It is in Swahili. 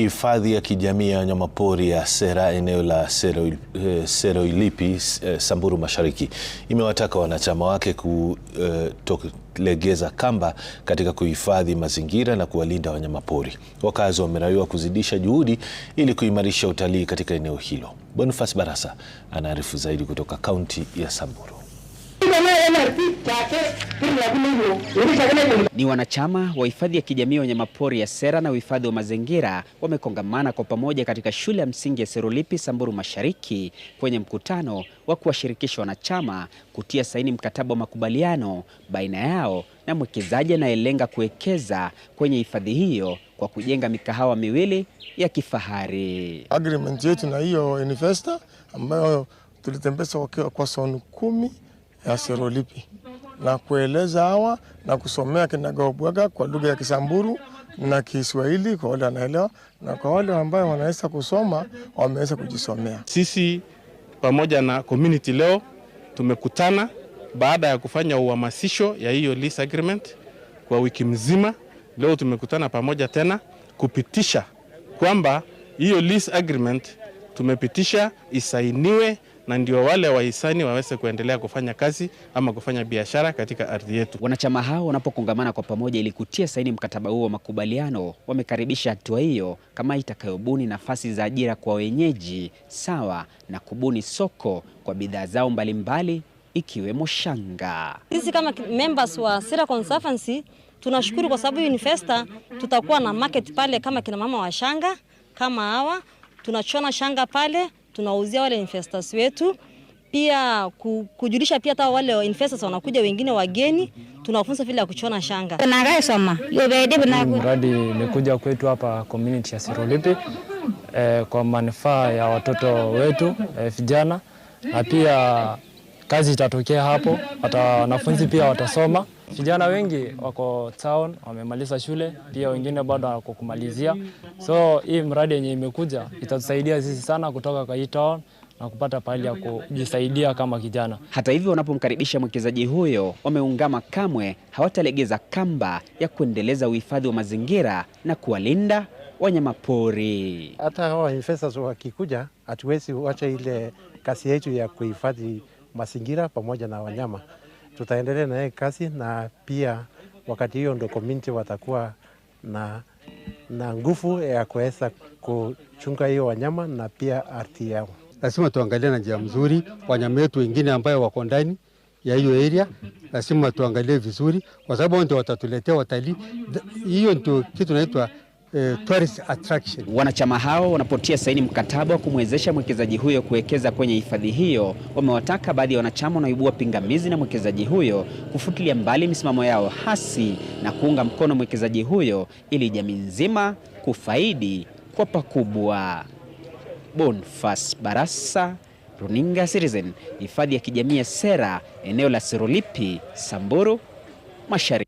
hifadhi ya kijamii ya wanyamapori ya Sera eneo la seroilipi eh, eh, Samburu Mashariki imewataka wanachama wake kutolegeza eh, kamba katika kuhifadhi mazingira na kuwalinda wanyamapori. Wakazi wameraiwa kuzidisha juhudi ili kuimarisha utalii katika eneo hilo. Boniface Barasa anaarifu zaidi kutoka kaunti ya Samburu. Ni wanachama wa hifadhi ya kijamii ya wanyamapori ya Sera na uhifadhi wa mazingira wamekongamana kwa pamoja katika shule ya msingi ya Serulipi Samburu Mashariki kwenye mkutano wa kuwashirikisha wanachama kutia saini mkataba wa makubaliano baina yao na mwekezaji anayelenga kuwekeza kwenye hifadhi hiyo kwa kujenga mikahawa miwili ya kifahari. Agreement yetu na hiyo investor ambayo tulitembesa wakiwa kwa zone kumi ya Serolipi na kueleza hawa na kusomea kinagaubwaga kwa lugha ya Kisamburu na Kiswahili kwa wale wanaelewa, na kwa wale ambao wanaweza kusoma wameweza kujisomea. Sisi pamoja na community leo tumekutana baada ya kufanya uhamasisho ya hiyo lease agreement kwa wiki mzima. Leo tumekutana pamoja tena kupitisha kwamba hiyo lease agreement tumepitisha isainiwe na ndio wale wahisani waweze kuendelea kufanya kazi ama kufanya biashara katika ardhi yetu. Wanachama hao wanapokongamana kwa pamoja ili kutia saini mkataba huo wa makubaliano, wamekaribisha hatua hiyo kama itakayobuni nafasi za ajira kwa wenyeji sawa na kubuni soko kwa bidhaa zao mbalimbali ikiwemo shanga. Sisi kama members wa Sera Conservancy tunashukuru kwa sababu Unifesta tutakuwa na market pale, kama kina mama wa shanga kama hawa tunachona shanga pale tunauzia wale investors wetu, pia kujulisha pia hata wale investors wanakuja wengine wageni, tunawafunza vile ya kuchona shanga. Mm, mradi imekuja kwetu hapa community ya Sirolipi eh, kwa manufaa ya watoto wetu eh, vijana na pia kazi itatokea hapo, hata wanafunzi pia watasoma. Vijana wengi wako town, wamemaliza shule, pia wengine bado wako kumalizia. So hii mradi yenye imekuja itatusaidia sisi sana kutoka kwa hii town na kupata pahali ya kujisaidia kama kijana. Hata hivyo, wanapomkaribisha mwekezaji huyo wameungama, kamwe hawatalegeza kamba ya kuendeleza uhifadhi wa mazingira na kuwalinda wanyamapori. Hata hawa investors wakikuja, hatuwezi wacha ile kasi yetu ya kuhifadhi mazingira pamoja na wanyama. Tutaendelea na yeye kazi, na pia wakati hiyo ndo community watakuwa na na nguvu ya kuweza kuchunga hiyo wanyama na pia ardhi yao. Lazima tuangalie na njia mzuri wanyama wetu wengine ambayo wako ndani ya hiyo area, lazima tuangalie vizuri, kwa sababu ndio watatuletea watalii. Hiyo ndio kitu naitwa eh, tourist attraction. Wanachama hao wanapotia saini mkataba wa kumwezesha mwekezaji huyo kuwekeza kwenye hifadhi hiyo, wamewataka baadhi ya wanachama wanaoibua pingamizi na mwekezaji huyo kufutilia mbali misimamo yao hasi na kuunga mkono mwekezaji huyo ili jamii nzima kufaidi kwa pakubwa. Bonfas Barasa, Runinga Citizen, hifadhi ya kijamii ya Sera, eneo la serolipi Samburu Mashariki.